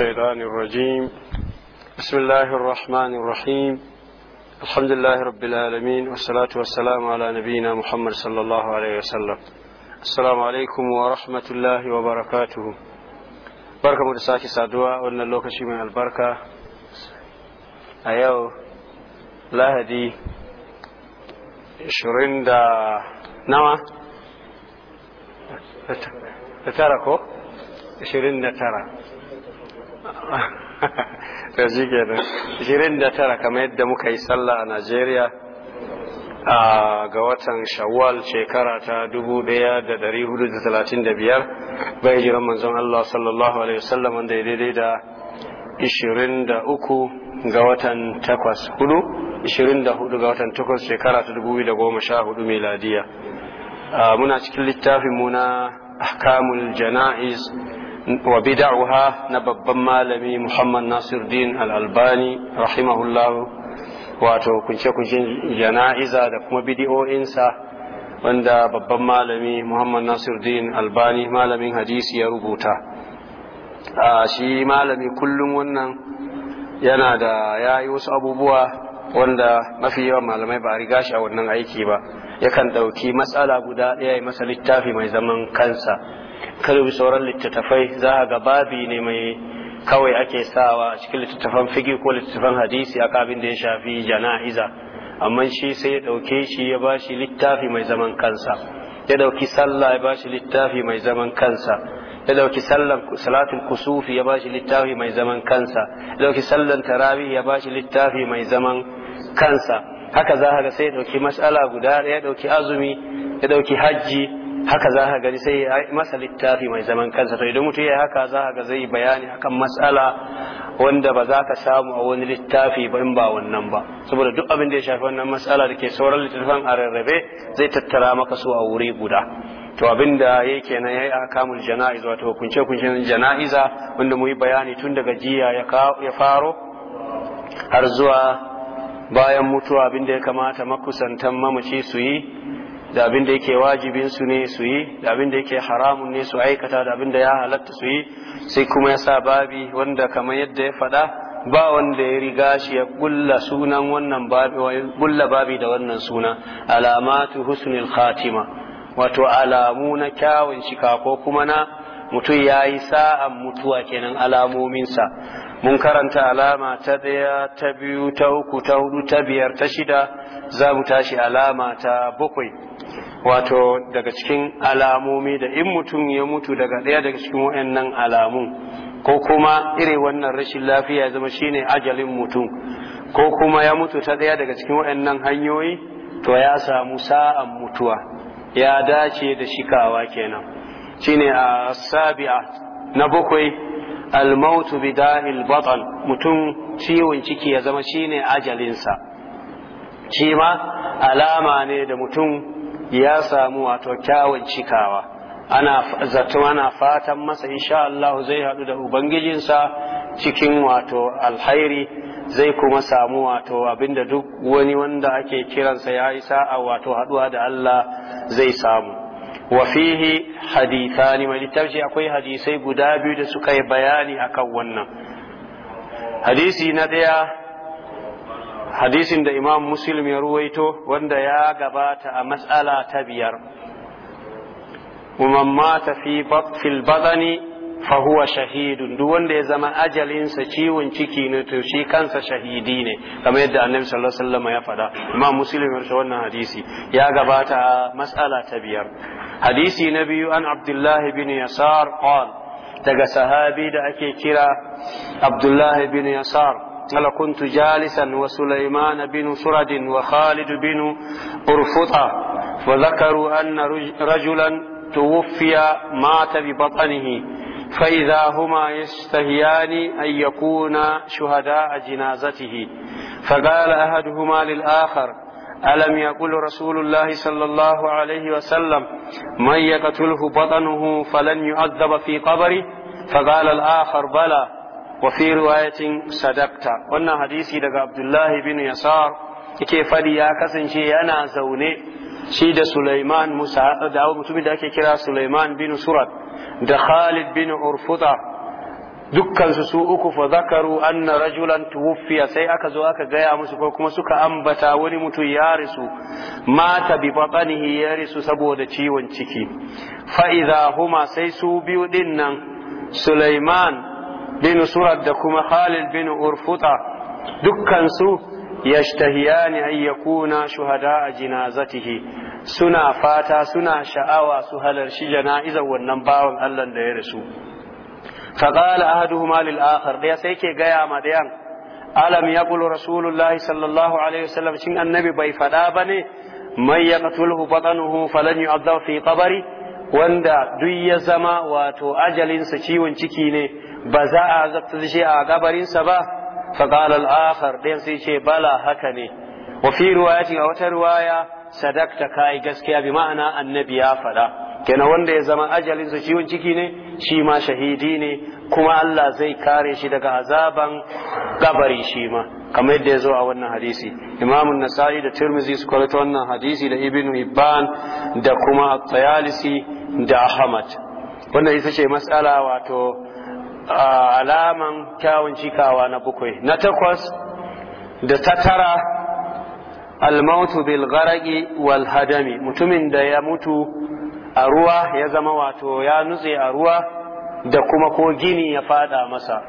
الشيطان الرجيم بسم الله الرحمن الرحيم الحمد لله رب العالمين والصلاة والسلام على نبينا محمد صلى الله عليه وسلم السلام عليكم ورحمة الله وبركاته بركة مرساكي سادوا وأن اللوكشي من البركة أيو لا هدي شرين دا نما تتركو شرين دا to shi kenan shirin da tara kamar yadda muka yi sallah a najeriya ga watan shawwal shekara ta dubu daya da dari hudu da talatin da biyar bai jiran manzon allah sallallahu alaihi wasallam wanda ya daidai da ishirin da uku ga watan takwas hudu ishirin da hudu ga watan takwas shekara ta dubu da goma sha hudu miladiya muna cikin littafin muna ahkamul jana'iz wa bid'aha na babban malami Muhammad Nasiruddin Al-Albani rahimahullah wato kunce-kuncin jana'iza da kuma bidiyoyinsa wanda babban malami Muhammad Nasiruddin Albani malamin hadisi ya rubuta shi malami kullum wannan yana da yayi wasu abubuwa wanda mafi yawan malamai ba a riga shi a wannan aiki ba yakan ɗauki matsala guda ɗaya masa littafi mai zaman kansa kalubi sauran littattafai za a ga babi ne mai kawai ake sawa a cikin littattafan figi ko littattafan hadisi a kabin da ya shafi jana'iza amma shi sai ya dauke shi ya ba shi littafi mai zaman kansa ya ɗauki sallah ya ba shi littafi mai zaman kansa ya ɗauki sallan salatul kusufi ya ba shi littafi mai zaman kansa ya ɗauki sallan tarawih ya ba shi littafi mai zaman kansa haka za ga sai ya ɗauki mas'ala guda ya ɗauki azumi ya ɗauki hajji haka za ka gani sai masa littafi mai zaman kansa to idan mutum ya haka za ka ga zai bayani akan matsala wanda ba za ka samu a wani littafi ba in ba wannan ba saboda duk abin da ya shafi wannan matsala da ke sauran littattafan a rarrabe zai tattara maka su a wuri guda to abin da ya nan ya yi a kamun jana'iza wato kunce-kunce jana'iza wanda mu yi bayani tun daga jiya ya faro har zuwa bayan mutuwa abin da ya kamata makusantan mamaci su yi da abin da yake wajibin su ne su yi da abin da yake haramun ne su aikata da abin da ya halatta su yi sai kuma ya sa babi wanda kamar yadda ya faɗa ba wanda ya riga shi ya kulla sunan wannan babi kulla babi da wannan suna alamatu husnul khatima wato alamu na kyawun shika ko kuma na mutum ya yi sa'an mutuwa kenan alamominsa mun karanta alama ta ɗaya ta biyu ta uku ta hudu ta biyar ta shida za mu tashi alama ta bakwai wato daga cikin alamomi da in mutum ya mutu daga ɗaya daga cikin wa'annan alamun ko kuma irin wannan rashin lafiya zama shine ajalin mutum ko kuma ya mutu ta ɗaya daga cikin wa'annan hanyoyi to ya samu sa'an mutuwa ya dace da shikawa kenan shine a sabi'a na bakwai almautu bidahil batal mutum ciwon ciki ya zama shine ajalinsa shi ma alama ne da mutum ya samu wato kyawun cikawa ana zato ana fatan masa insha Allah zai haɗu da ubangijinsa cikin wato alhairi zai kuma samu wato abinda duk wani wanda ake kiransa ya isa a wato haɗuwa da Allah zai samu Wafihi fihi hadithani mai littafi akwai hadisai guda biyu da suka yi bayani akan wannan hadisi na ɗaya hadisin da imam muslim ya ruwaito wanda ya gabata a matsala ta biyar umamma ta fi fahuwa shahidu, duk wanda ya zama ajalinsa ciwon ciki ne to shi kansa shahidi ne kamar yadda annabi sallallahu alaihi ya faɗa imam muslim ya wannan hadisi ya gabata a matsala ta biyar حديثي نبي أن عبد الله بن يسار قال daga sahabi da ake عبد الله بن يسار قال كنت جالسا وسليمان بن سرد وخالد بن أرفطة وذكروا أن رجلا توفي مات ببطنه فإذا هما يستهيان أن يكونا شهداء جنازته فقال أحدهما للآخر ألم يقل رسول الله صلى الله عليه وسلم من يقتله بطنه فلن يعذب في قبره فقال الآخر بلى وفي رواية صدقت وأن حديثي لك عبد الله بن يسار yake fadi ya kasance yana zaune shi da Sulaiman Musa da mutumin da ake kira Sulaiman bin Surat da Khalid bin Urfuta dukkansu su uku fa zakaru anna rajulan tuwfiya sai aka zo aka gaya musu ko kuma suka ambata wani mutum ya risu mata bi batanihi ya risu saboda ciwon ciki fa idza huma sai su biyu din nan Sulaiman bin Surad da kuma Khalid bin Urfuta dukkansu yashtahiyani an yakuna shuhada a jinazatihi suna fata suna sha'awa su halarci jana'izar wannan bawan Allah da ya rasu fa qala ahaduhuma lil sai ke gaya ma dayan alam yaqulu rasulullahi sallallahu alaihi wasallam shin annabi bai fada bane man yaqtuluhu batanuhu falan yu'adhab fi qabri wanda duk ya zama wato ajalinsa ciwon ciki ne ba za a azabta shi a gabarinsa ba fa qala al sai ce bala haka ne wa fi a wata riwaya sadakta kai gaskiya bi ma'ana annabi ya faɗa. kenan wanda ya zama ajalinsa ciwon ciki ne shi ma shahidi ne kuma Allah zai kare shi daga azaban kabari shi ma kamar yadda ya zo a wannan hadisi imamun nasa'i da tirmizi su kwalata wannan hadisi da ibn hibban da kuma at da ahmad wannan ita ce matsala wato alaman kyawun cikawa na bukwai na takwas da ta tara almautu bil gharaqi wal mutumin da ya mutu a ruwa ya zama wato ya nutse a ruwa da kuma ko gini ya fada masa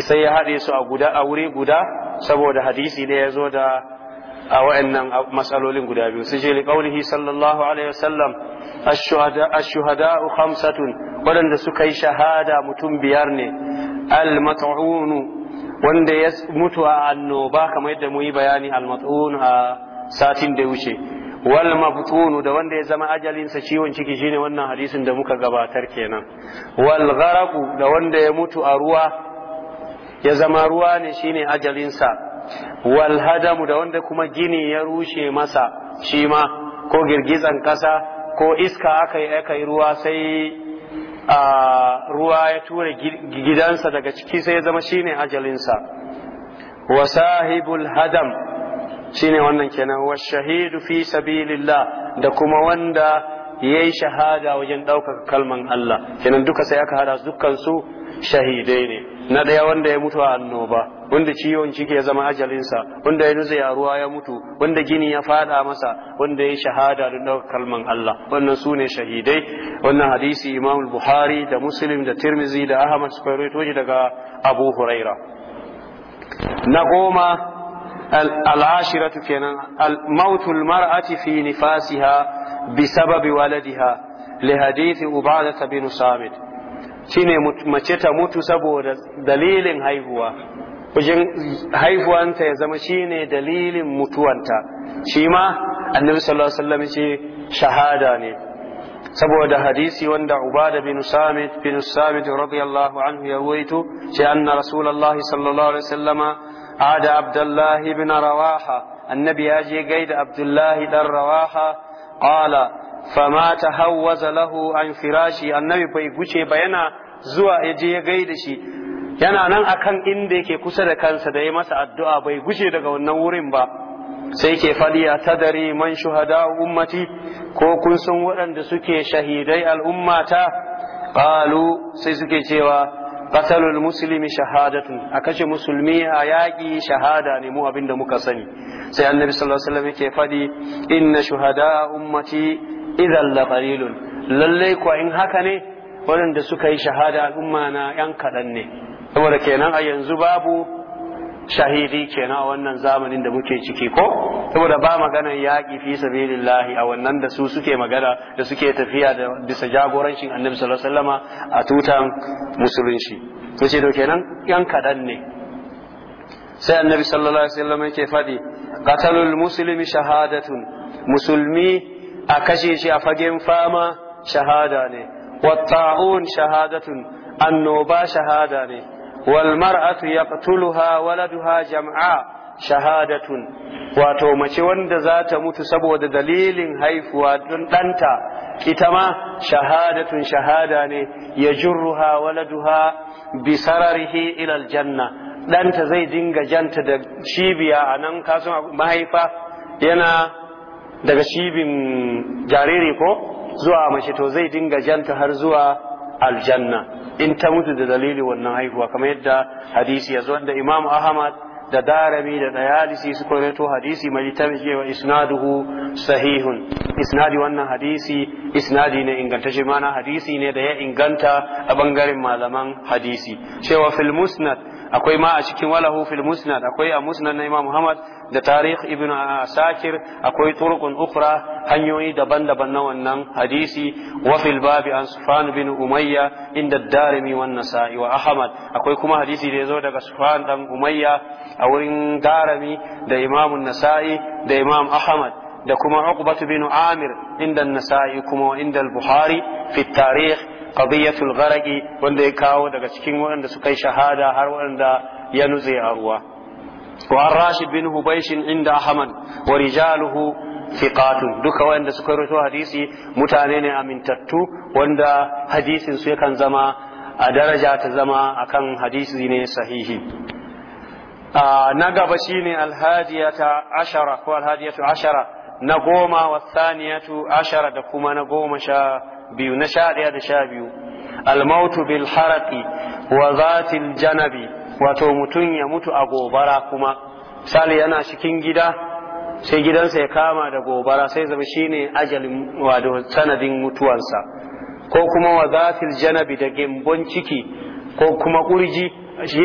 sai ya haɗe su a guda a wuri guda saboda hadisi ne ya zo da a wa'annan matsalolin guda biyu su je sallallahu alaihi wasallam ash-shuhada khamsatun waɗanda suka yi shahada mutum biyar ne al-mat'unu wanda ya mutu a annoba kamar yadda mu yi bayani al-mat'un a satin da wuce wal mabtunu da wanda ya zama ajalinsa ciwon ciki shine wannan hadisin da muka gabatar kenan wal gharaqu da wanda ya mutu a ruwa ya zama ruwa ne shine ajalinsa wal hadamu da wanda kuma gini ya rushe masa shi ma ko girgizan kasa ko iska aka yi aka yi ruwa sai a ruwa ya tura gidansa daga ciki sai ya zama shine ajalinsa wa sahibul hadam shine wannan kenan wa shahidu fi sabilillah da kuma wanda yayi shahada wajen ɗaukaka kalman Allah kenan duka sai aka hada dukkan su shahidai ne na ɗaya wanda ya mutu a annoba wanda ciwon ciki ya zama ajalinsa wanda ya nutse a ruwa ya mutu wanda gini ya fada masa wanda ya shahada da ɗaukaka kalman Allah wannan su ne shahidai wannan hadisi Imam Buhari da Muslim da Tirmizi da Ahmad suka rawaito daga Abu Huraira na goma al'ashiratu kenan mautul mar'ati fi nifasiha bi sababi waladiha li hadithi ubadata bin samit shine mace ta mutu saboda dalilin haihuwa wajen haihuwanta ya zama shine dalilin mutuwanta shima ma sallallahu alaihi shahada ne saboda hadisi wanda ubada bin samit bin samit radiyallahu anhu ya ruwaito ce anna rasulullahi sallallahu alaihi wasallama ada abdullahi bin rawaha annabi ya je gaida abdullahi dan rawaha qala fa ma tahawwaza lahu an firashi annabi bai guce ba yana zuwa ya je gaida shi yana nan akan inda yake kusa da kansa da ya masa addu'a bai guce daga wannan wurin ba sai ke fadi ya tadari man shuhada ummati ko kun san wadanda suke shahidai al ummata Al-Kalu sai suke cewa qatalul muslimi shahadatun a kashe musulmi a yaƙi shahada ne mu abin da muka sani sai annabi sallallahu alaihi wasallam yake fadi inna shuhada ummati idan la qalilun lallai ko in haka ne waɗanda suka yi shahada al'umma na yan kaɗan ne saboda kenan a yanzu babu shahidi kenan a wannan zamanin da muke ciki ko saboda ba maganar yaƙi fi sabilillahi a wannan da su suke magana da suke tafiya da bisa jagorancin annabi sallallahu alaihi wasallama a tutan musulunci to to kenan yan kadan ne sai annabi sallallahu alaihi wasallam yake faɗi qatalul muslimi shahadatun musulmi a kashe shi a fagen fama shahada ne wa ta'un shahadatun annoba shahada ne والمرأة يقتلها ولدها جمعاء شهادة wato mace wanda za ta mutu saboda dalilin haifuwa don ɗanta ita ma shahadatun shahada ne ya jurruha waladuha bi sararihi ilal janna ɗanta zai dinga janta da cibiya a nan kasan mahaifa yana daga cibin jariri ko zuwa mace to zai dinga janta har zuwa aljanna in ta mutu da dalilin wannan haihuwa kamar yadda hadisi yazo da Imam Ahmad da Darami da Dayalisi suka rawaito hadisi mai littafin cewa isnaduhu sahihun isnadi wannan hadisi isnadi ne ingantacce mana hadisi ne da ya inganta a bangaren malaman hadisi cewa fil musnad akwai ma a cikin walahu fil musnad akwai a musnad na imam muhammad da tarikh ibn asakir akwai turqun ukhra hanyoyi daban-daban na wannan hadisi wa fil babi an sufan bin umayya inda darimi wan nasa'i wa ahmad akwai kuma hadisi da yazo daga sufan dan umayya a wurin darimi da imam nasa'i da imam ahmad da kuma uqbat bin amir inda nasa'i kuma inda al-bukhari fi tarikh qadiyatul gharaqi wanda ya kawo daga cikin waɗanda suka yi shahada har waɗanda ya nutse a ruwa wa rashid bin hubaysh inda ahmad wa rijaluhu thiqatun duka waɗanda suka rawaito hadisi mutane ne amintattu wanda hadisin su yakan zama a daraja ta zama akan hadisi ne sahihi na gaba shine alhadiyata ashara ko alhadiyatu ashara na goma wa thaniyatu ashara da kuma na goma sha biyu na sha ɗaya da sha biyu almautu bil haraki wa zatil janabi wato mutum ya mutu a gobara kuma sali yana cikin gida sai gidansa ya kama da gobara sai zama ne ajalin wato sanadin mutuwarsa ko kuma wa zatil janabi da gimbon ciki ko kuma kurji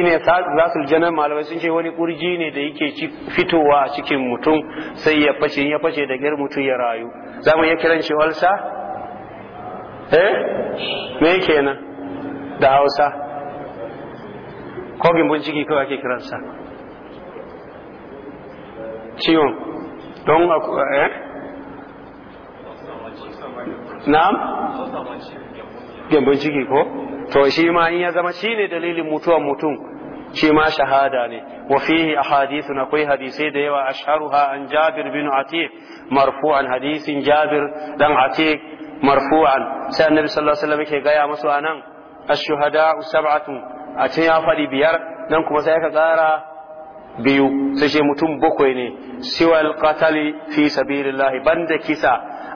ne zatul janan malamai sun ce wani kurji ne da yake fitowa a cikin mutum sai ya fashe ya fashe da gyar mutum ya rayu mu iya kiran shi walsa eh me kenan da hausa ko gimbin ciki kawai ake kiransa ciwon don eh na'am gimbin ciki ko to shi ma in ya zama shine dalilin mutuwan mutum shi ma shahada ne wa fihi na kai hadisai da yawa asharuha an Jabir bin Atiq marfu'an hadisin Jabir dan Atiq marfu'an sai annabi sallallahu alaihi wasallam yake gaya musu anan ash-shuhada sab'atu a cikin ya faɗi biyar nan kuma sai aka tsara biyu sai ce mutum bakwai ne siwal qatali fi sabilillah banda kisa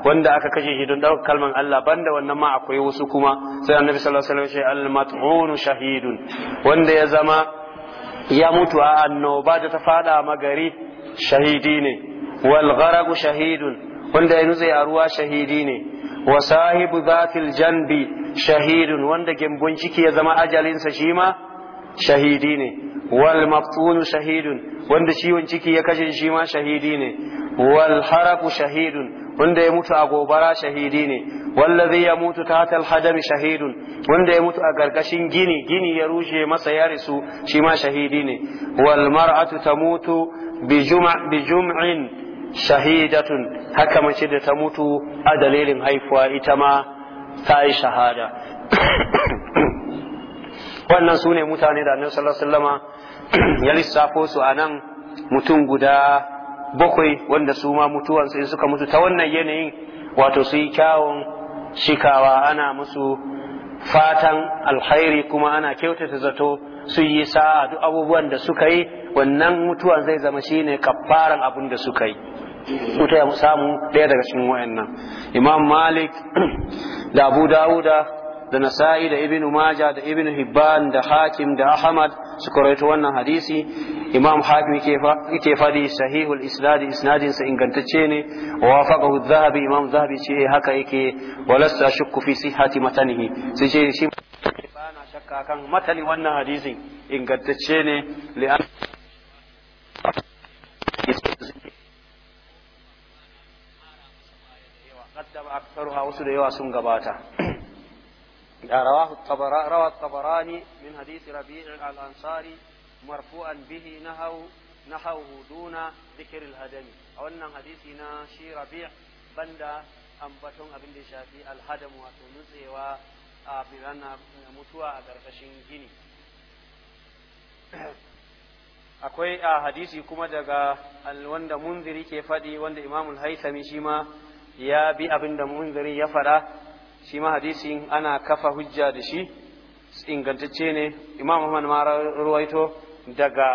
wanda aka kashe shi don ɗaukar kalman Allah banda wannan ma akwai wasu kuma sai annabi sallallahu alaihi wasallam ya ce al shahidun wanda ya zama ya mutu a annoba da ta fada magari shahidi ne wal gharaqu shahidun wanda ya nutse a ruwa shahidi ne Wasahibu Zafil janbi shahidun wanda gembon ciki ya zama ajalinsa shi ma shahidi ne wal maftunu shahidun wanda ciwon ciki ya kashe shi ma shahidi ne wal shahidun wanda ya mutu a gobara shahidi ne wallazi ya mutu ta hatal hadami shahidun wanda ya mutu a gargashin gini gini ya rushe masa ya risu shi ma shahidi ne wal mar'atu tamutu bi jum'in shahidatun haka mace da ta mutu a dalilin haifuwa ita ma ta yi shahada wannan su ne mutane da annabi sallallahu alaihi ya lissafo su a nan mutum guda bakwai wanda su ma mutuwansu in suka mutu ta wannan yanayin wato su yi kyawun shikawa ana musu fatan alkhairi kuma ana kyautata zato su yi sa'a duk abubuwan da suka yi wannan mutuwan zai zama shi ne kafaran abin da suka yi mutu ya samu ɗaya daga cikin wayannan imam malik da abu dawuda da nasa'i da ibnu maja da ibnu hibban da hakim da ahmad suka rawaito wannan hadisi imam hakim yake fadi sahihul isnad isnadin sa ingantacce ne wa wafaqahu dhahabi imam dhahabi ce eh, haka yake walasta shakku fi sihhati matanihi sai ce shi bana shakka kan matani wannan hadisin ingantacce ne li'an قدم أكثرها yawa يواسون قباتا رواه الطبرا روى الطبراني من حديث ربيع الأنصاري مرفوعا به نهوا نحوه دون ذكر الهدم أو أن حديثنا شي ربيع بند أنبتهم أبن شافي الهدم وتنزي و أبن متوى أدركشين جيني akwai a hadisi kuma daga wanda munziri ke faɗi wanda imamul haithami shi ma ya bi abin da munziri ya faɗa shi ma hadisin ana kafa hujja da shi ingantacce ne imam ahmad ma ruwaito daga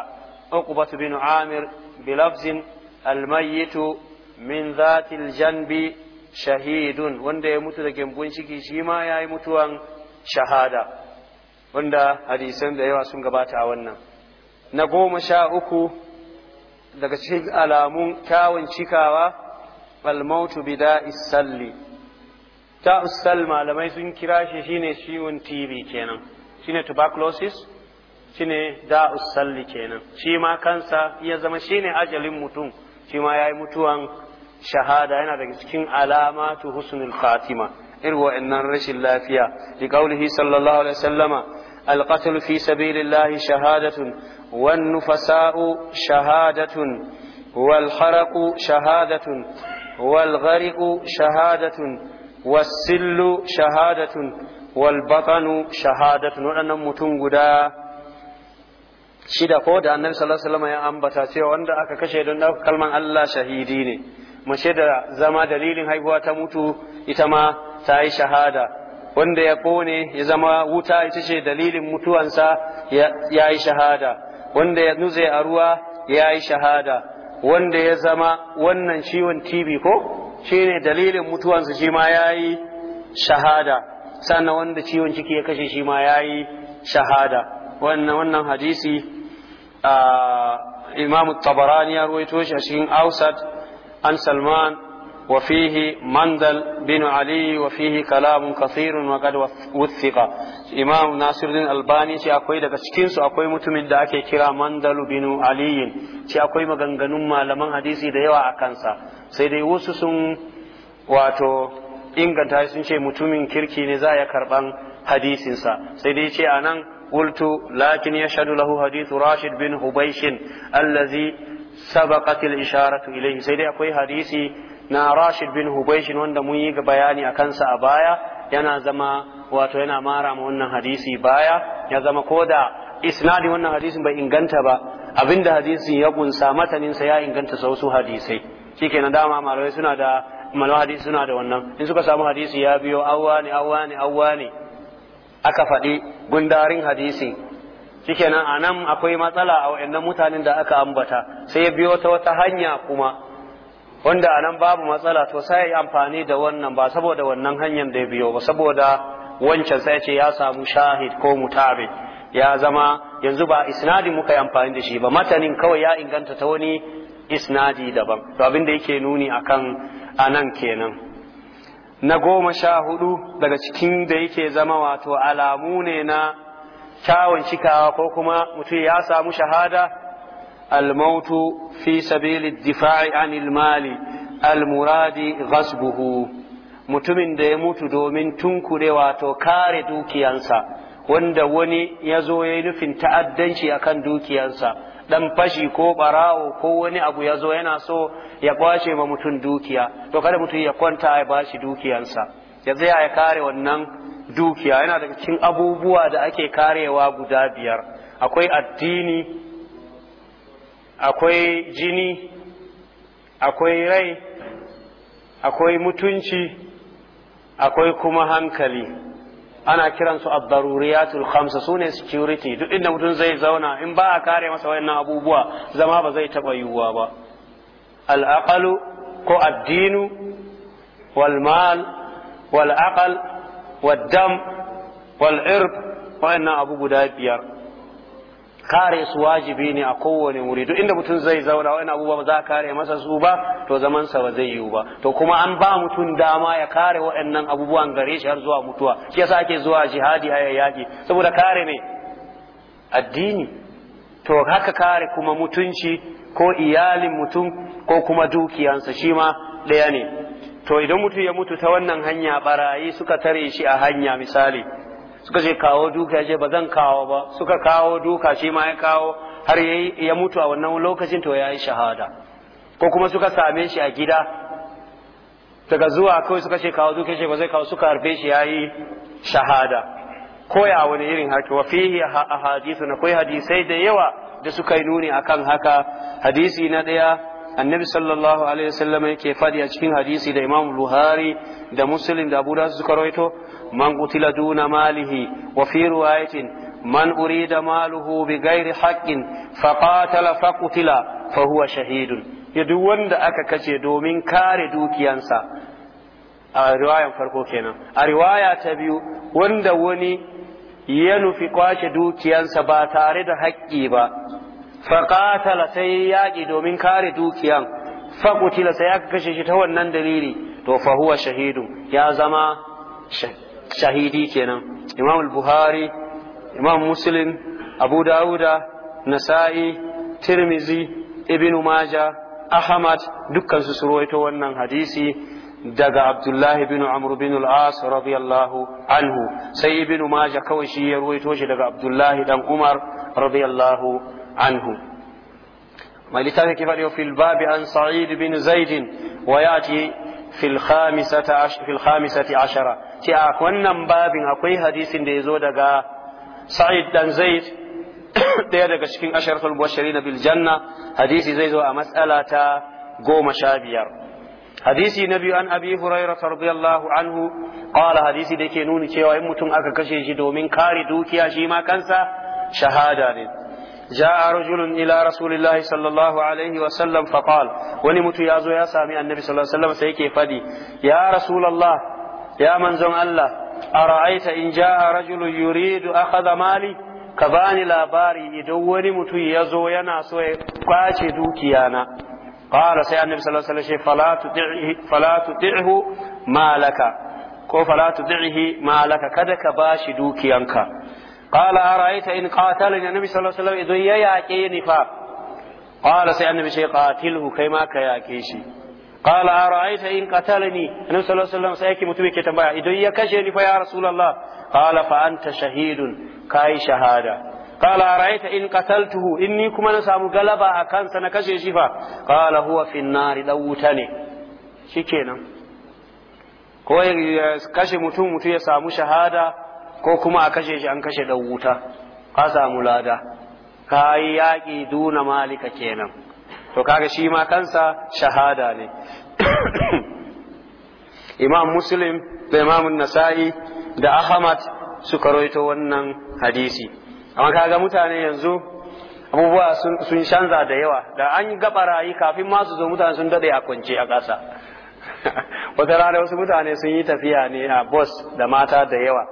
uqbat bin amir bilafzin almayyitu min zatil janbi shahidun wanda ya mutu da gembun ciki shi ma ya yi mutuwan shahada wanda hadisan da yawa sun gabata a wannan na goma sha uku daga cikin alamun kyawun cikawa almautu bida isalli ta'ussal malamai sun kira shi shine ciwon tb kenan shine tuberculosis shine da'ussalli kenan shi ma kansa ya zama shine ajalin mutum shi ma yayi mutuwan shahada yana daga cikin alamatu husnul fatima irin wa'annan rashin lafiya li qaulihi sallallahu alaihi wasallama القتل في سبيل الله شهادة والنفساء شهادة والحرق شهادة والغرق شهادة wasillu shahadatun wal shahadatun waɗannan mutum guda shida ko da annabi sallallahu alaihi wasallam ya ambata cewa wanda aka kashe don ɗaukar kalman Allah shahidi ne mace da zama dalilin haihuwa ta mutu ita ma ta yi shahada wanda ya kone ya zama wuta ita ce dalilin mutuwansa ya yi shahada wanda ya nutse a ruwa ya yi shahada wanda ya zama wannan ciwon tibi ko Shi ne dalilin mutuwansa shi ma yi shahada sannan wanda ciwon ciki ya kashe shi ma ya yi shahada wannan hadisi a ah, imamu tabarani ya ruwaito shi a cikin ausat an salman وفيه مندل بن علي وفيه كلام كثير وقد وثق امام ناصر الدين الباني ce akwai daga cikinsu akwai mutumin da ake kira mandalu bin Aliyun. ce akwai maganganun malaman hadisi da yawa a kansa sai dai wasu sun wato inganta sun ce mutumin kirki ne za ya karɓan hadisinsa sai dai ce anan qultu lakin yashhadu lahu hadithu rashid bin hubaysh allazi sabaqat al-isharatu ilayhi sai dai akwai hadisi na Rashid bin Hubaishin wanda mun yi bayani a kansa a baya yana zama wato yana mara ma wannan hadisi baya ya zama ko da isnadi wannan hadisin bai inganta ba abinda hadisin ya kunsa mataninsa ya inganta sausu hadisai shikenan dama malamai suna da malaman hadisi suna da wannan in suka samu hadisi ya biyo awwa ne awwa aka faɗi gundarin hadisi shikenan a nan akwai matsala a wa'annan mutanen da aka ambata sai ya biyo ta wata hanya kuma wanda anan babu matsala to sai ya amfani da wannan ba saboda wannan hanyar da ya biyo ba saboda wancan sai ce ya samu shahid ko mutabi ya zama yanzu ba isnadi muka yi amfani da shi ba matanin kawai ya inganta ta wani isnadi daban to abin da yake nuni akan anan kenan na goma sha hudu daga cikin da yake zama wato alamu ne na kyawun cikawa ko kuma mutum ya samu shahada الموت في سبيل الدفاع عن المال المراد غصبه mutumin da ya mutu domin tunkure wato kare dukiyansa wanda wani ya zo ya yi nufin ta'addanci akan dukiyansa dan fashi ko barawo ko wani abu ya zo yana so ya kwace ma mutum dukiya to kada mutum ya kwanta ya bashi dukiyansa ya tsaya ya kare wannan dukiya yana daga cikin abubuwa da ake karewa guda biyar akwai addini akwai jini akwai rai akwai mutunci akwai kuma hankali ana kiransu ad-daruriyatul khamsa sune security duk inda mutum zai zauna in ba a kare masa wayannan abubuwa zama ba zai taɓa yiwuwa ba al aƙalu ko ad-dinu wal mal wal aqal wad dam wal irb wayannan abu guda biyar kare su wajibi ne a kowane wuri duk inda mutum zai zauna wani abubuwa ba za a kare masa su ba to zamansa ba zai yiwu ba to kuma an ba mutum dama ya kare waɗannan abubuwan gare shi har zuwa mutuwa shi yasa ake zuwa jihadi haya yaki saboda kare ne addini to haka kare kuma mutunci ko iyalin mutum ko kuma dukiyansa shi ma ɗaya ne to idan mutum ya mutu ta wannan hanya barayi suka tare shi a hanya misali suka ce kawo duka ya ce ba zan kawo ba suka kawo duka shi ma ya kawo har ya mutu a wannan lokacin to ya yi shahada ko kuma suka same shi a gida daga zuwa kawai suka ce kawo duka ya ce ba zai kawo suka harbe shi ya yi shahada ko ya wani irin haka wa fihi hadisu na kai hadisai da yawa da suka yi nuni akan haka hadisi na daya annabi sallallahu alaihi wasallam yake fadi a cikin hadisi da imam buhari da muslim da abu da suka rawaito man qutila duna malihi wa fi riwayatin man urida maluhu bi ghairi haqqin fa fa qutila fa shahidun ya wanda aka kace domin kare dukiyansa a farko kenan a riwaya ta biyu wanda wani ya nufi kwace dukiyansa ba tare da haƙƙi ba faƙatala sai yaƙi domin kare dukiyan faƙutila sai aka kashe shi ta wannan dalili to ya zama shahidi kenan imam buhari imam muslim abu dauda nasa'i tirmizi ibn maja ahmad dukkan su surwaito wannan hadisi daga abdullahi bin amr bin al-as radiyallahu anhu sai ibn maja kawai shi ya ruwaito shi daga abdullahi dan umar radiyallahu anhu ما لتاك كيف في الباب عن سعيد بن زيد وياتي في الخامسة عشر في الخامسة عشرة ce a ah, wannan babin akwai hadisin da ya zo daga sa'id dan zaid ɗaya daga cikin asharatul bashari na biljanna hadisi zai zo a matsala ta goma sha biyar hadisi na biyu an abi huraira radiyallahu anhu qala hadisi da ke nuni cewa in mutum aka kashe shi domin kare dukiya shi ma kansa shahada ne جاء رجل إلى رسول الله صلى الله عليه وسلم فقال ونمت يا زو سامي النبي صلى الله عليه وسلم سيكي فدي يا رسول الله ya manzon Allah a ra'aita in ja'a rajulun yuridu akhadha mali ka bani labari idan wani mutum ya zo yana so ya kwace dukiyana qala sai annabi sallallahu alaihi wasallam fala tuti'hi fala tuti'hu malaka ko fala tuti'hi malaka kada ka bashi dukiyanka a ra'aita in qatalani annabi sallallahu alaihi wasallam idan ya yaƙe ni fa qala sai annabi sai qatilhu kai ma ka yaƙe shi قال أرأيت إن قتلني النبي صلى الله عليه وسلم سيكي متوي كتابا إذا يكشني فيا رسول الله قال فأنت شهيد كاي شهادة قال أرأيت إن قتلته إني كما نسام غلبا أكان سنكشي شفا قال هو في النار لوتني شكينا ko ya kashe mutum mutum ya samu shahada ko kuma a kashe shi an kashe dan wuta ka samu lada ka yi yaƙi duna malika kenan to kaga shi ma kansa shahada ne imam muslim da imam nasa'i da ahmad suka roito wannan hadisi amma kaga mutane yanzu abubuwa sun canza da yawa da an gaba barayi kafin masu zo mutane sun dade a kwance a ƙasa wata rana wasu mutane sun yi tafiya ne a bus da mata da yawa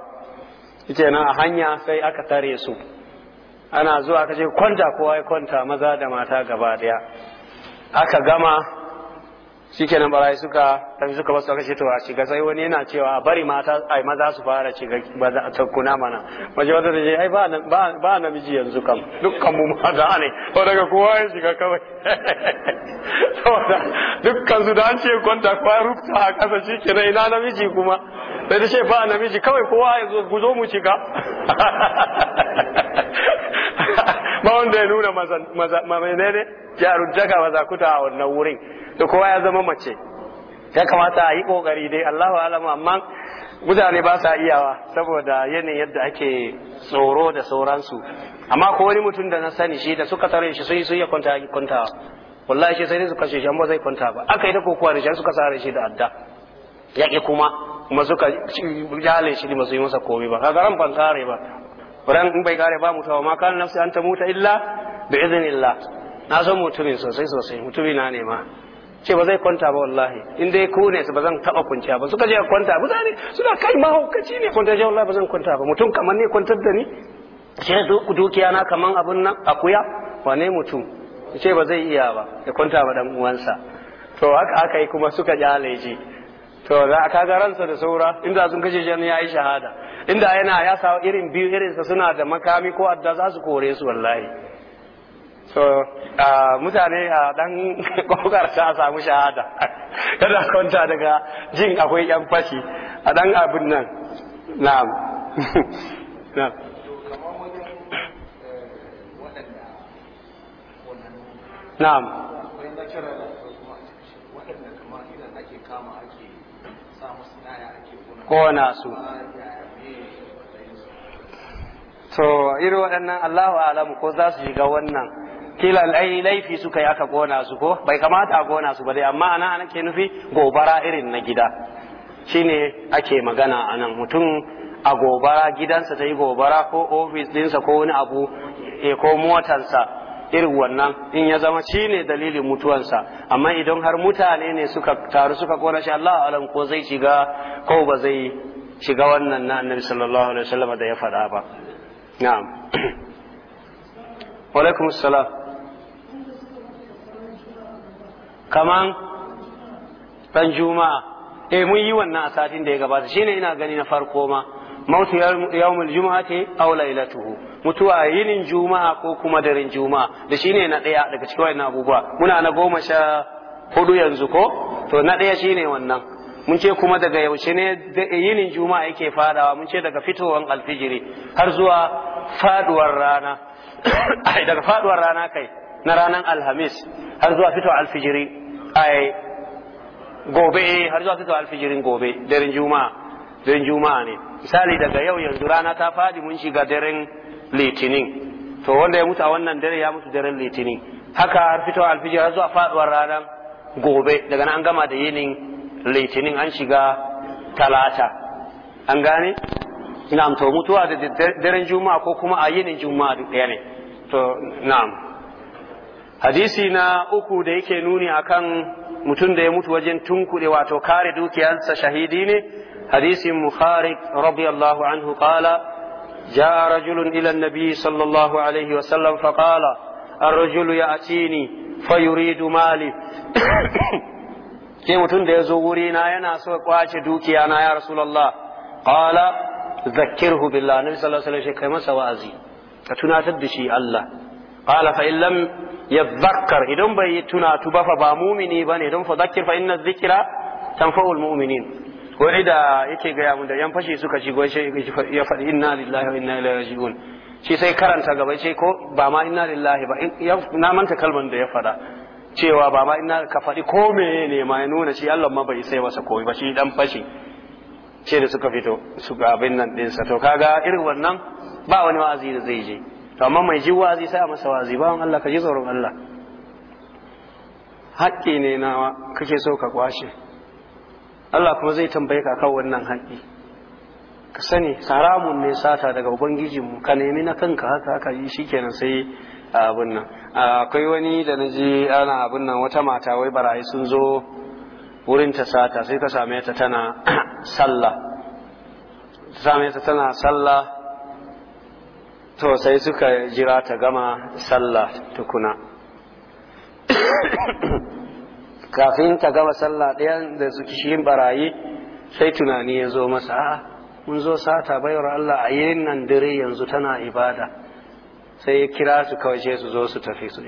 ita nan a hanya sai aka tare su ana zuwa kace kwanta kowa ya kwanta maza da mata gaba daya aka gama shikenan barayi suka tafi suka basu aka ce to a shiga sai wani yana cewa a bari mata ai maza su fara shiga ba za a kuna mana maji wata ta ce ai ba ba namiji yanzu kam dukkan mu maza ne to daga kowa ya shiga kawai dukkan su da an ce kwanta kwa rufta a kasa shikenan ina namiji kuma sai ta ce ba namiji kawai kowa ya zo mu shiga wanda ya nuna menene jaruntaka kuta a wannan wurin da kowa ya zama mace ya kamata a yi kokari dai Allahu alamu amma mutane ba sa iyawa saboda yanayin yadda ake tsoro da sauransu amma ko wani mutum da na sani shi da suka tare shi sun yi sun yi kwanta kwantawa wallahi shi sai ne suka shi amma zai kwanta ba aka yi da kokowa da shi suka sare shi da adda ke kuma kuma suka jale shi da masu yi masa komai ba kaga ran ban kare ba ran in bai kare ba tawa ma kan nafsi an ta muta illa bi idhnillah na san mutumin sosai sosai mutumi na ne ma ce ba zai kwanta ba wallahi in dai ku ne ba zan taba kwanciya ba suka je kwanta mutane suna kai mahaukaci ne kwanta je wallahi ba zan kwanta ba mutum kamar ne kwantar da ni ce dukiya na kaman abun nan akuya wane mutum ce ba zai iya ba ya kwanta ba dan uwansa to haka aka yi kuma suka jale to za a kaga ransa da saura inda sun kashe jan ya yi shahada inda yana ya sawa irin biyu irinsa suna da makami ko adda za su kore su wallahi so mutane a dan kokar ta samu shahada kada kwanta daga jin akwai yan fashi a dan abin nan na'am na'am na'am kona su so irin waɗannan Allahu alamu ko za su shiga wannan kila ai laifi suka yi aka gona su ko bai kamata a gona su ba dai amma ana ana ke nufi gobara irin na gida shine ake magana a nan mutum a gobara gidansa ta yi gobara ko ofis dinsa ko wani abu eh, ko motarsa irin wannan in ya zama shi ne dalilin mutuwansa amma idan har mutane ne suka taru suka kona shi Allah alam ko zai shiga ko ba zai shiga wannan na annabi sallallahu alaihi wasallam da ya faɗa ba na'am wa alaikum assalam kaman dan juma'a eh, mun yi wannan a satin da ya gabata shine ina gani na farko ma mautu yawmul ce aw lailatuhu mutuwa yinin juma'a ko kuma daren juma'a da shine na daya daga cikin wannan abubuwa muna na goma sha hudu yanzu ko to na daya shine wannan mun ce kuma daga yaushe ne yinin juma'a yake fadawa mun ce daga fitowar alfijiri har zuwa faduwar rana ai daga faduwar rana kai na ranar alhamis har zuwa fitowar alfijiri ai gobe har zuwa fitowar alfijirin gobe daren juma'a daren juma'a ne misali daga yau yanzu rana ta fadi mun shiga daren litinin to wanda ya mutu a wannan dare ya mutu daren litinin haka har fitowar alfijiri har zuwa faduwar ranar gobe daga nan an gama da yinin litinin an shiga talata an gane na'am to mutuwa da daren juma'a ko kuma a yinin juma'a duk ɗaya ne to na'am hadisi na uku da yake nuni akan mutum da ya mutu wajen tunkuɗe wato kare dukiyarsa shahidi ne hadisin muharik radiyallahu anhu qala جاء رجل إلى النبي صلى الله عليه وسلم فقال الرجل يأتيني فيريد mali. ke mutum da ya zo wuri na yana so kwace dukiya na ya rasulullah qala zakkirhu billah nabi sallallahu alaihi wasallam kai masa wa'azi ka tunatar da shi Allah qala fa in lam yadhakkar idan bai tunatu ba fa ba mumini bane don fa zakkir fa inna dhikra tanfa'ul mu'minin wani da yake gaya mun da yan fashe suka ci gwai sai ya faɗi inna lillahi wa inna ilaihi raji'un shi sai karanta gaba ce ko ba ma inna lillahi ba na manta kalman da ya faɗa cewa ba ma ina ka faɗi ko meye ne ma ya nuna shi Allah ma bai sai masa komai ba shi dan fashi ce da suka fito suka abin nan ɗinsa to kaga irin wannan ba wani wa'azi da zai je to amma mai ji wa'azi sai a masa wa'azi ba Allah ka ji tsoron Allah haƙƙi ne nawa kake so ka kwashe Allah kuma zai tambaye ka kan wannan haƙƙi ka sani haramun ne sata daga ubangijinmu ka nemi na kanka haka haka yi shikenan sai abin nan akwai wani da na ji ana abin nan wata mata wai barayi sun zo wurin ta sata sai ta same ta tana sallah ta same ta tana sallah to sai suka jira ta gama sallah tukuna kafin ta gama sallah ɗayan da su kishiyin barayi sai tunani ya zo masa mun zo sata baiwar Allah a yin nan dire yanzu tana ibada sai ya kira su kawai ce su zo su tafi su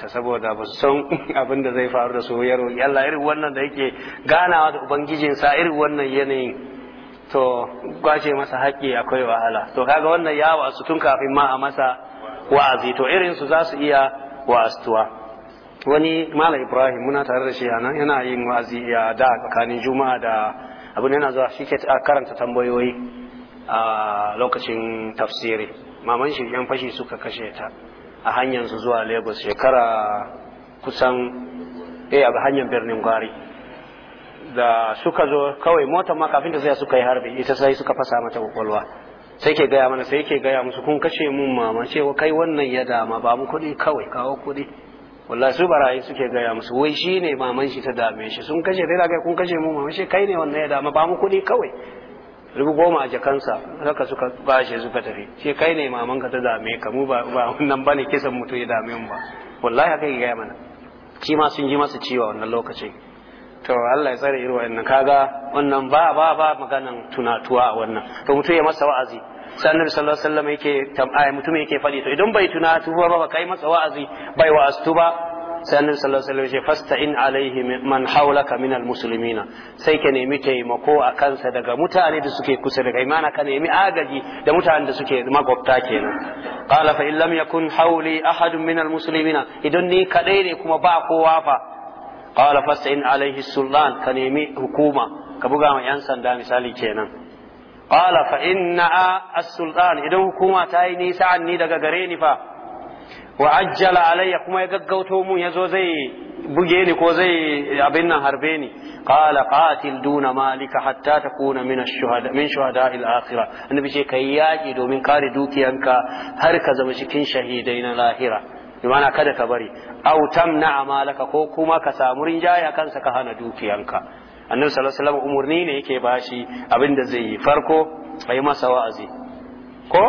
ta saboda ba su san abin da zai faru da su ya roƙi Allah irin wannan da yake ganawa da ubangijinsa irin wannan yanayin to kwace masa haƙƙi akwai wahala to kaga wannan ya wasu tun kafin ma a masa wa'azi to irin su za su iya wa'astuwa wani malam ibrahim muna tare da shi nan yana yin wa'azi ya da tsakanin juma'a da abin yana zuwa shi ke karanta tambayoyi a lokacin tafsiri maman shi yan fashi suka kashe ta a hanyar su zuwa lagos shekara kusan eh a hanyar birnin gwari da suka zo kawai motar ma kafin da sai suka yi harbi ita sai suka fasa mata kwakwalwa sai ke gaya mana sai ke gaya musu kun kashe mun mama cewa kai wannan ya dama ba mu kuɗi kawai kawo kuɗi wallahi su barayi suke gaya musu wai shi ne maman shi ta dame shi sun kashe dai da kun kashe mun mama shi kai ne wannan ya dama ba mu kuɗi kawai rubu goma a jakansa haka suka bashe suka tafi ce kai ne ka ta dame ka mu ba wannan ba ne kisan mutu ya dame mu ba wallahi haka ya gaya mana shi ma sun ji masa ciwa wannan lokacin to Allah ya tsare irin wannan kaga wannan ba ba ba maganan tunatuwa a wannan to mutum ya masa wa'azi sai annabi sallallahu alaihi wasallam yake tam'a mutum yake faɗi to idan bai tunatu ba ba kai masa wa'azi bai wa'astu ba sai annabi sallallahu alaihi wasallam ya ce fasta'in alaihi man haulaka minal muslimina sai ka nemi taimako a kansa daga mutane da suke kusa da Imana ka nemi agaji da mutanen da suke makwabta kenan qala fa in yakun hauli ahadun minal muslimina idan ni kadai ne kuma ba kowa fa qala fasta'in alaihi sultan ka nemi hukuma ka buga ma yan sanda misali kenan qala fa inna as-sultan idan hukuma ta yi nisa ni daga gare ni fa wa ajjala alayya kuma ya gaggauto mun yazo zai buge ni ko zai abin nan harbe ni qala qatil duna malika hatta takuna min ash-shuhada min shuhada'i al-akhirah annabi ce kai yaki domin kare dukiyanka har ka zama cikin shahidai na lahira bimana kada ka bari aw tamna malaka ko kuma ka samu rinjaya kansa ka hana dukiyanka annabi sallallahu alaihi wasallam umurni ne yake bashi abin da zai yi farko bai masa wa'azi ko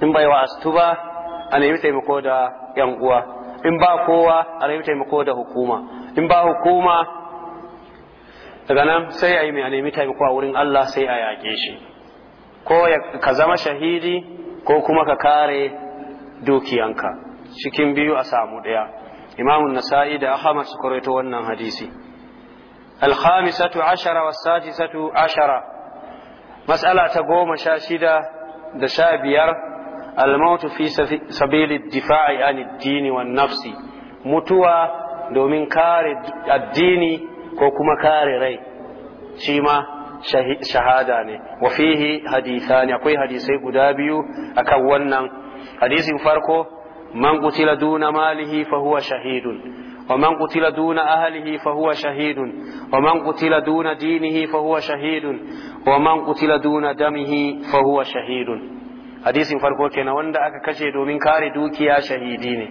in bai wa'astu ba a nemi taimako da yan uwa in ba kowa a nemi taimako da hukuma in ba hukuma daga nan sai a yi mai a nemi taimako a wurin Allah sai a yaƙe shi ko ka zama shahidi ko kuma ka kare dukiyanka cikin biyu a samu ɗaya imamun nasa'i da ahmad su karaito wannan hadisi ashara ashara wa sati alhamisatu matsala ta goma sha shida da sha biyar. al fi sabili difa'i an dini wan nafsi mutuwa domin kare addini ko kuma kare rai shi ma shahada ne wa fihi hadithani akwai hadisai guda biyu akan wannan hadisin farko man qutila duna malihi fa huwa shahidun ومن قتل دون أهله فهو شهيد ومن shahidun دون دينه فهو شهيد ومن قتل دون دمه فهو شهيد hadisin farko kenan wanda aka kashe domin kare dukiya shahidi ne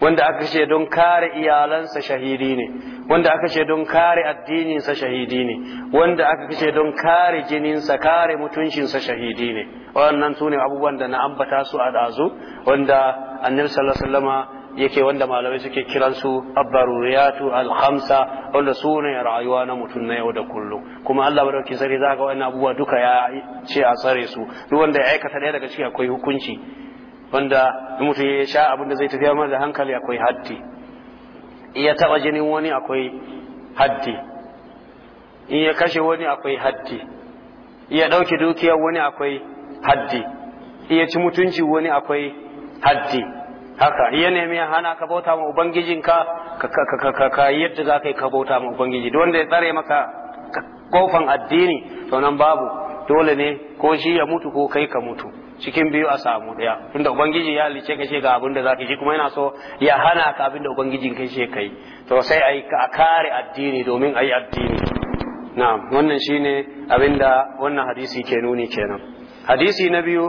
wanda aka kashe don kare iyalansa shahidi ne wanda aka kashe don kare addininsa shahidi ne wanda aka kashe don kare jininsa kare mutuncinsa shahidi ne waɗannan su abubuwan da na ambata su a ɗazu wanda annabi sallallahu alaihi wasallama yake wanda malamai suke kiransu abbaruriyatu alhamsa wanda su ne rayuwa na mutum na yau da kullum kuma Allah madaukakin sarki za ga wani abubuwa duka ya ce a tsare su duk wanda ya aikata ɗaya daga ciki akwai hukunci wanda mutum ya sha abin da zai tafiya mara da hankali akwai haddi iya taɓa jinin wani akwai haddi in kashe wani akwai haddi iya ɗauke dukiyar wani akwai haddi iya ci mutunci wani akwai haddi haka iya nemi ya hana ka bauta ma ubangijinka ka yadda za ka yi ka bauta ma ubangiji wanda ya tsare maka kofan addini to nan babu dole ne ko shi ya mutu ko kai ka mutu cikin biyu a samu daya tunda ubangiji ya lice ka ga abin da zaka shi kuma yana so ya hana ka abin da ubangijin kai she kai to sai ai a kare addini domin ai addini na'am wannan shine abin da wannan hadisi ke nuni kenan hadisi na biyu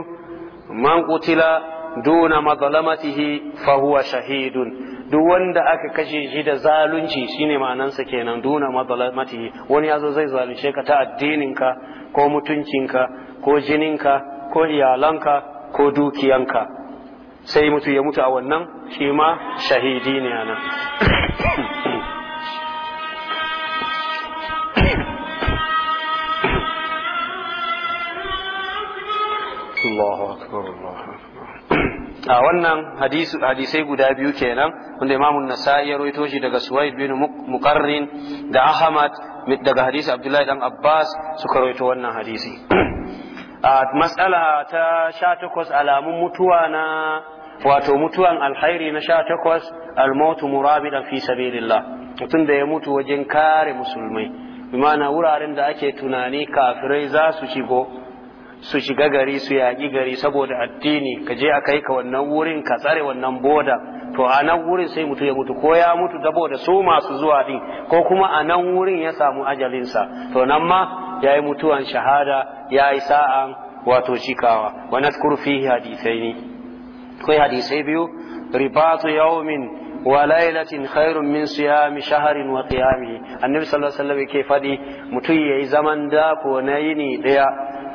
man qutila duna mazlamatihi fa huwa shahidun duk wanda aka kashe shi da zalunci shine ma'anansa kenan duna mazlamatihi wani yazo zai zalunce ka ta addininka ko mutuncinka ko jininka ko iyalanka ko dukiyanka sai mutu ya mutu a wannan shi ma shahidi ne anan Allahu akbar a wannan hadisai guda biyu kenan wanda imamu Nasa'i ya roito shi daga Suwaid bin Muqarrin da Ahmad daga hadisi Abdullahi dan Abbas suka roito wannan hadisi a matsala ta sha takwas alamun mutuwa na wato mutuwan alhairi na sha takwas almautu murabidan fi sabilillah mutum da ya mutu wajen kare musulmai bimana wuraren da ake tunani kafirai za su shigo su shiga gari su yaki gari saboda addini ka je a kai ka wannan wurin ka tsare wannan boda to a nan wurin sai mutu ya mutu ko ya mutu saboda su masu zuwa din ko kuma a nan wurin ya samu ajalinsa to nan ma ya yi mutuwan shahada ya yi sa'an wato cikawa wa nazkuru hadisai ne kai hadisai biyu ribatu yawmin wa lailatin khairun min siyami shaharin wa qiyami annabi sallallahu alaihi wasallam yake fadi mutum yayi zaman dako na yini daya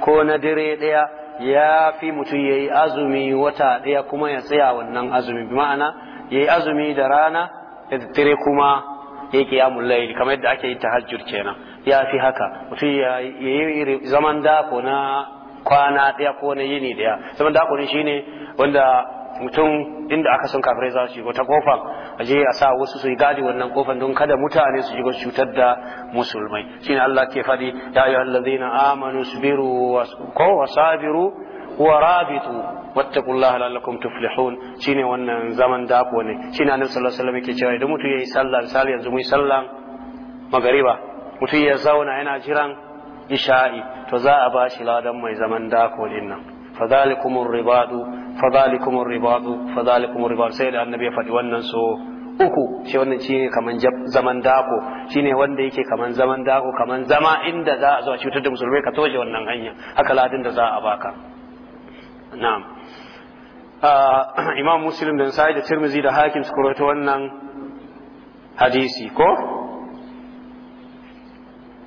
ko na dire ɗaya ya fi mutum ya yi azumi wata ɗaya kuma ya tsaya wannan azumi bi ma'ana ya yi azumi da rana da dire kuma ya yi kiyamun laili kamar yadda ake yin hajjur kenan ya fi haka mutum ya yi zaman dako na kwana ɗaya ko na yini ɗaya zaman dako ne shine wanda mutum inda aka san kafirai za su shiga ta kofar a je a sa wasu su yi gadi wannan kofar don kada mutane su shiga cutar da musulmai shine Allah ke fadi ya ayyuhal ladzina amanu Subiru wa sabiru wa rabitu wattaqullaha la'allakum tuflihun shine wannan zaman dako ne shine annabi sallallahu alaihi wasallam yake cewa idan mutum yayi sallah misali yanzu mu yi sallan magariba mutum ya zauna yana jiran isha'i to za a bashi ladan mai zaman dako dinnan nan fadhalikumur ribadu fadhalikum ribadu fadhalikum ribadu sai da annabi ya faɗi wannan so uku shi wannan ne kaman zaman dako ne wanda yake kaman zaman dako kaman zama inda za a zo a cutar da musulmai ka toshe wannan hanya haka ladin da za a baka na'am ah, imam muslim da sai da tirmizi da hakim su wannan hadisi ko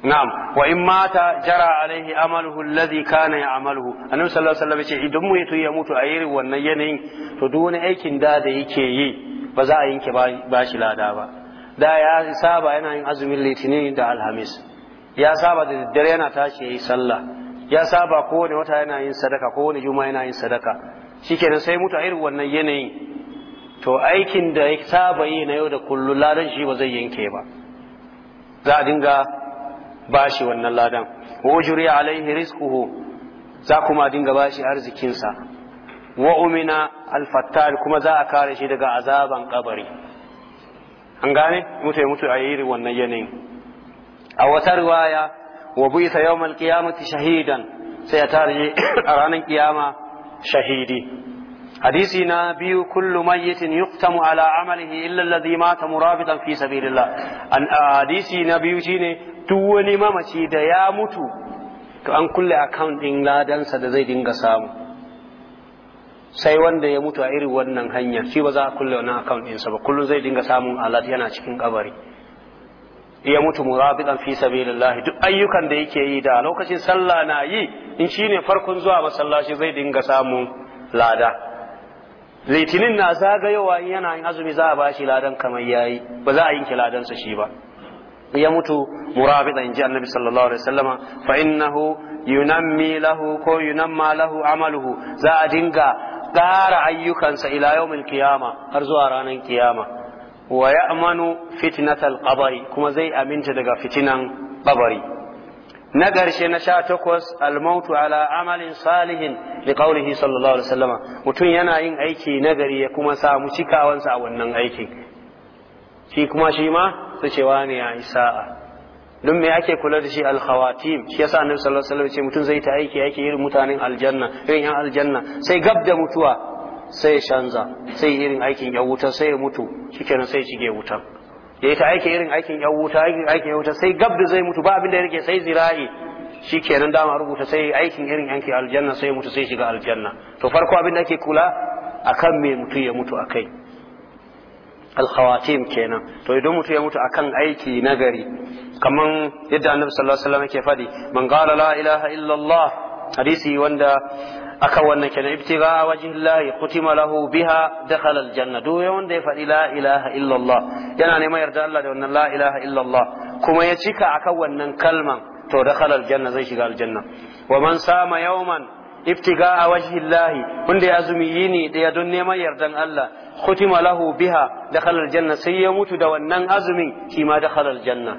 na'am wa in mata jara alaihi amaluhu alladhi kana ya'maluhu annabi sallallahu alaihi wasallam idan mu yato ya mutu a irin wannan yanayin to duk wani aikin da da yake yi ba za a yanke ba shi lada ba da ya saba yana yin azumin litinin da alhamis ya saba da daddare yana tashi yayi sallah ya saba kowane wata yana yin sadaka kowane juma yana yin sadaka shikenan sai mutu a irin wannan yanayin to aikin da ya saba yi na yau da kullum ladan shi ba zai yanke ba za a dinga bashi wannan ladan wa ujri alaihi rizquhu za kuma dinga bashi arzikinsa wa umina alfattar kuma za a kare shi daga azaban kabari an gane mutu ya mutu a irin wannan yanayin a wata riwaya wa buisa yawmal qiyamati shahidan sai ya tare a ranar kiyama shahidi hadisi na biyu kullu mayyitin yuktamu ala amalihi illa alladhi mata murabitan fi sabilillah hadisi na biyu shine duk wani mamaci da ya mutu to an kulle account din ladansa da zai dinga samu sai wanda ya mutu a irin wannan hanyar shi ba za a kulle wannan account ɗinsa ba kullum zai dinga samun alat yana cikin kabari ya mutu murabitan fi sabilillah duk ayyukan da yake yi da lokacin sallah na yi in shine farkon zuwa masallaci zai dinga samun lada litinin na zagayowa in yana yin azumi za a ba shi ladan kamar yayi ba za a yanke ladansa shi ba ya mutu murabita in ji annabi sallallahu alaihi wasallama fa innahu yunammi lahu ko yunamma lahu amaluhu za a dinga ƙara ayyukansa ila yawmil qiyama har zuwa ranar kiyama wa ya'manu fitnatal qabri kuma zai aminta daga fitinan qabari na ƙarshe na sha takwas almautu ala amalin salihin da ƙaunihi sallallahu alaihi wasallama mutum yana yin aiki na gari ya kuma samu cikawansa a wannan aikin shi kuma shi ma su cewa ne ya isa'a don me ake kula da shi alkhawatim shi yasa annabi sallallahu alaihi wasallam ce mutum zai ta aiki aiki irin mutanen aljanna irin yan aljanna sai gab da mutuwa sai shanza, canza sai irin aikin ya wuta sai ya mutu shikenan sai shige cige wutan yayi ta aiki irin aikin yan wuta aikin aikin wuta sai gabda zai mutu ba abin da ya rike sai zira'i shikenan dama rubuta sai aikin irin yanki aljanna sai mutu sai shiga aljanna to farko abin da ake kula akan me mutu ya mutu akai alkhawatim kenan to idan mutu ya mutu akan aiki nagari kaman yadda annabi sallallahu alaihi wasallam yake fadi man qala la ilaha illallah hadisi wanda akan wannan kenan ibtiga wajhillahi kutima lahu biha dakhala janna duk wanda ya faɗi la ilaha illallah yana neman yarda Allah da wannan la ilaha illallah kuma ya cika akan wannan kalman to dakhala janna zai shiga aljanna wa man sama yawman ibtiga a lahi wanda ya azumi yini daya don neman yardan Allah khutima lahu biha dakhala janna sai ya mutu da wannan azumin shi ma janna aljanna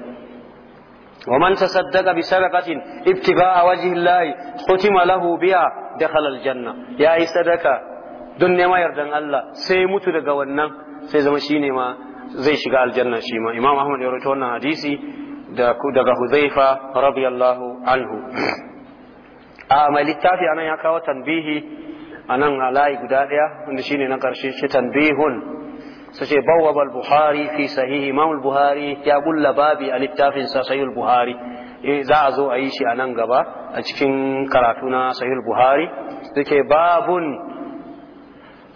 wa man tasaddaqa bi sadaqatin ibtiga a wajhin lahi khutima lahu dakhala aljanna yayi sadaka don neman yardan Allah sai mutu daga wannan sai zama shine ma zai shiga aljanna shi ma imam ahmad ya rawaito wannan hadisi daga huzaifa radiyallahu anhu a mai littafi anan ya kawo tanbihi anan alayi guda daya wanda shine na karshe shi tanbihun sace ce al-buhari fi sahihi imam al-buhari ya bulla babi a littafin sa sahih al-buhari eh za a zo a yi shi a nan gaba a cikin karatu na sahih buhari suke babun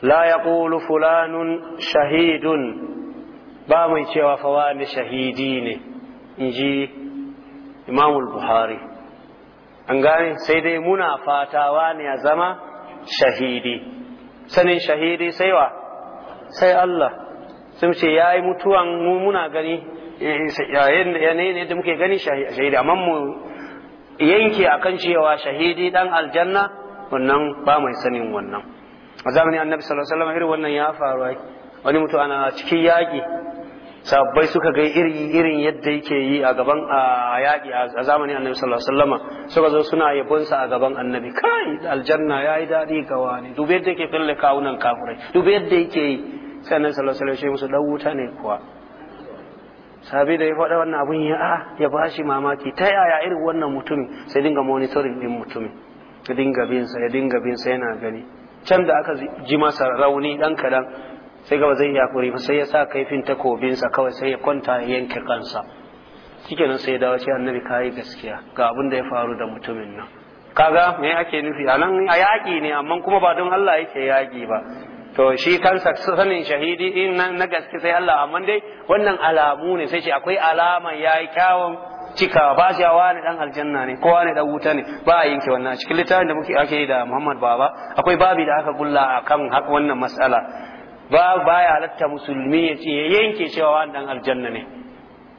la yaqulu fulanun shahidun ba mai cewa fa wani shahidi ne inji imamul buhari an gane sai dai muna fatawa ne ya zama shahidi sanin shahidi sai wa sai Allah sun ce ya yi mutuwan mu muna gani Eh, yanayin yadda muke gani shahidi amma mu yanke akan cewa shahidi dan aljanna wannan ba mai sanin wannan a zamanin annabi sallallahu alaihi wasallam wannan ya faru wani mutum ana cikin yaƙi sabbai suka ga irin irin yadda yake yi a gaban a yaƙi a zamanin annabi sallallahu alaihi wasallam suka zo suna yabon sa a gaban annabi kai aljanna yayi daɗi ga wani dubi yadda yake fille kawunan kafirai dubi yadda yake yi sai annabi sallallahu alaihi wasallam ya ce musu dan wuta ne kuwa sabi da ya faɗa wannan abun ya a ah, ya bashi mamaki ta yaya irin wannan mutumin sai dinga monitoring din mutumin ya dinga bin sa ya dinga bin sa yana gani can da aka ji masa rauni dan kadan sai gaba zai yakuri ba sai ya sa kaifin takobin sa kawai sai ya kwanta ya yanke kansa shikenan sai ya dawo ce annabi kayi gaskiya ga abin da ya faru da mutumin nan kaga me ake nufi a nan a yaƙi ne amma kuma ba don Allah yake yaƙi ba to shi kansa sanin shahidi in na gaske sai Allah amma dai wannan alamu ne sai ce akwai alama yayi kyawun cika ba shi wa ne dan aljanna ne kowa ne dan wuta ne ba a yanke wannan cikin littafin da muke ake da Muhammad Baba akwai babi da aka gulla akan haka wannan mas'ala ba baya halatta musulmi ya ce yanke cewa wani dan aljanna ne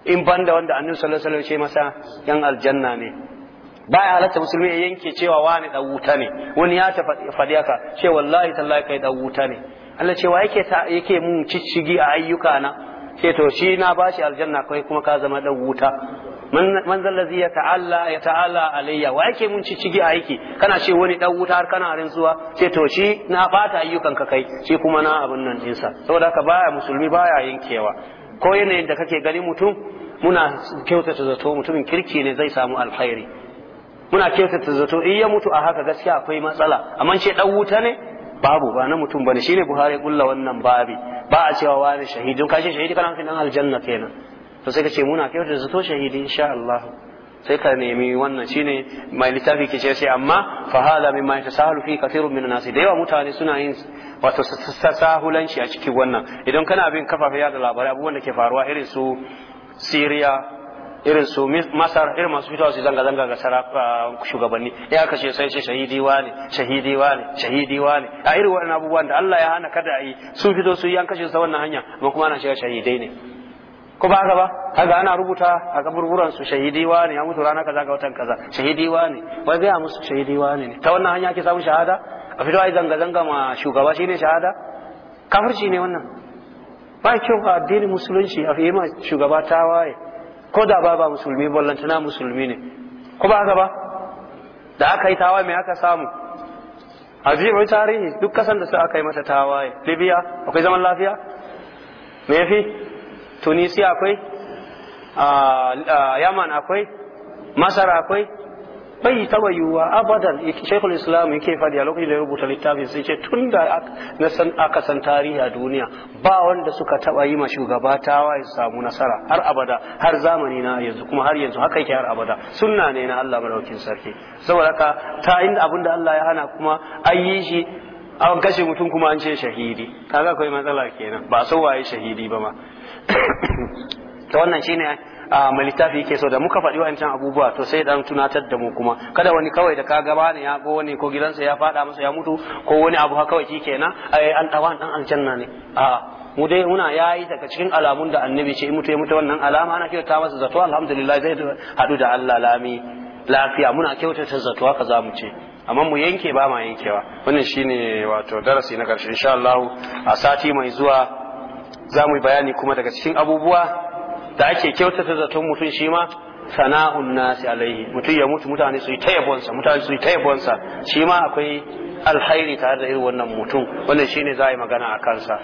in banda wanda annabi sallallahu alaihi wasallam ya ce masa yan aljanna ne baya halatta musulmi ya yanke cewa wani dan wuta ne wani ya ta faɗi haka ce wallahi tallahi kai dan wuta ne Allah ce wa yake yake mun ciccigi a ayyuka na ce to shi na bashi aljanna kai kuma ka zama dan wuta man zallazi ya ta'alla ya ta'alla alayya wa yake mun ciccigi a aiki kana ce wani dan wuta har kana rantsuwa ce to shi na bata ayyukan ka kai shi kuma na abin nan dinsa saboda haka baya musulmi baya yankewa ko yanayin da kake gani mutum muna kyautata zato mutumin kirki ne zai samu alkhairi muna kyautata zato in ya mutu a haka gaskiya akwai matsala amma ce dan wuta ne babu ba na mutum bane shine buhari kulla wannan babi ba a cewa wani shahidin kace shahidi kana nufin dan aljanna kenan to sai ka ce muna kyautata zato shahidi insha Allah sai ka nemi wannan shine mai littafi ke ce amma fa hada mimma yatasahalu fi kathirun min nasi da yawa mutane suna yin wato sahulanci a cikin wannan idan kana bin kafafen yada labarai abubuwan da ke faruwa irin su siriya irin su masar irin masu fitowa su zanga-zanga ga uh, shugabanni ya kashe sai ce shahidi wane shahidi wane shahidi wane a irin wani abubuwan da Allah ya hana kada a yi sun fito su yi an kashe su wannan hanya amma kuma ana shiga shahidai ne ko ba haka ba haka ana rubuta a kaburburan su shahidi wane ya mutu rana kaza ga watan kaza shahidi wane wai ga musu shahidi wane ne ta wannan hanya ake samun shahada a fito ai zanga-zanga ma shugaba shine shahada kafirci ne wannan ba kyau ga addinin musulunci a fiye ma shugaba tawaye ko da ba ba musulmi musulmi ne ko ba haka ba da aka yi tawaye mai aka samu azimin tarihi duk kasan da su aka yi mata tawaye libya akwai zaman lafiya me fi tunisia akwai ah, ah, yaman akwai masara akwai bai taba yiwuwa abadan shekul islam yake faɗi a lokacin da ya rubuta littafin sai ce tun da na aka san tarihi a duniya ba wanda suka taba yi ma shugaba tawa ya samu nasara har abada har zamani na yanzu kuma har yanzu haka yake har abada sunna ne na Allah madaukin sarki saboda ka ta inda abin da Allah ya hana kuma an yi shi an kashe mutum kuma an ce shahidi kaga akwai matsala kenan ba so waye shahidi ba ma to wannan shine mai littafi yake so da muka faɗi wa'ancan abubuwa to sai dan tunatar da mu kuma kada wani kawai da ka gaba ne ya ko wani ko gidansa ya faɗa masa ya mutu ko wani abu haka kawai kenan ai an dawa dan aljanna ne a mu dai muna yayi daga cikin alamun da annabi ce mutu ya mutu wannan alama ana kyauta masa zato alhamdulillah zai hadu da Allah lami lafiya muna ta zato haka za mu ce amma mu yanke ba ma yankewa wannan shine wato darasi na karshe insha Allah a sati mai zuwa za mu bayani kuma daga cikin abubuwa da ake kyautata zaton mutum shi ma sana'un nasi alaihi mutum ya mutu mutane su yi ta mutane su yi ta shi ma akwai alhairi tare da irin wannan mutum wannan shine za a yi magana a kansa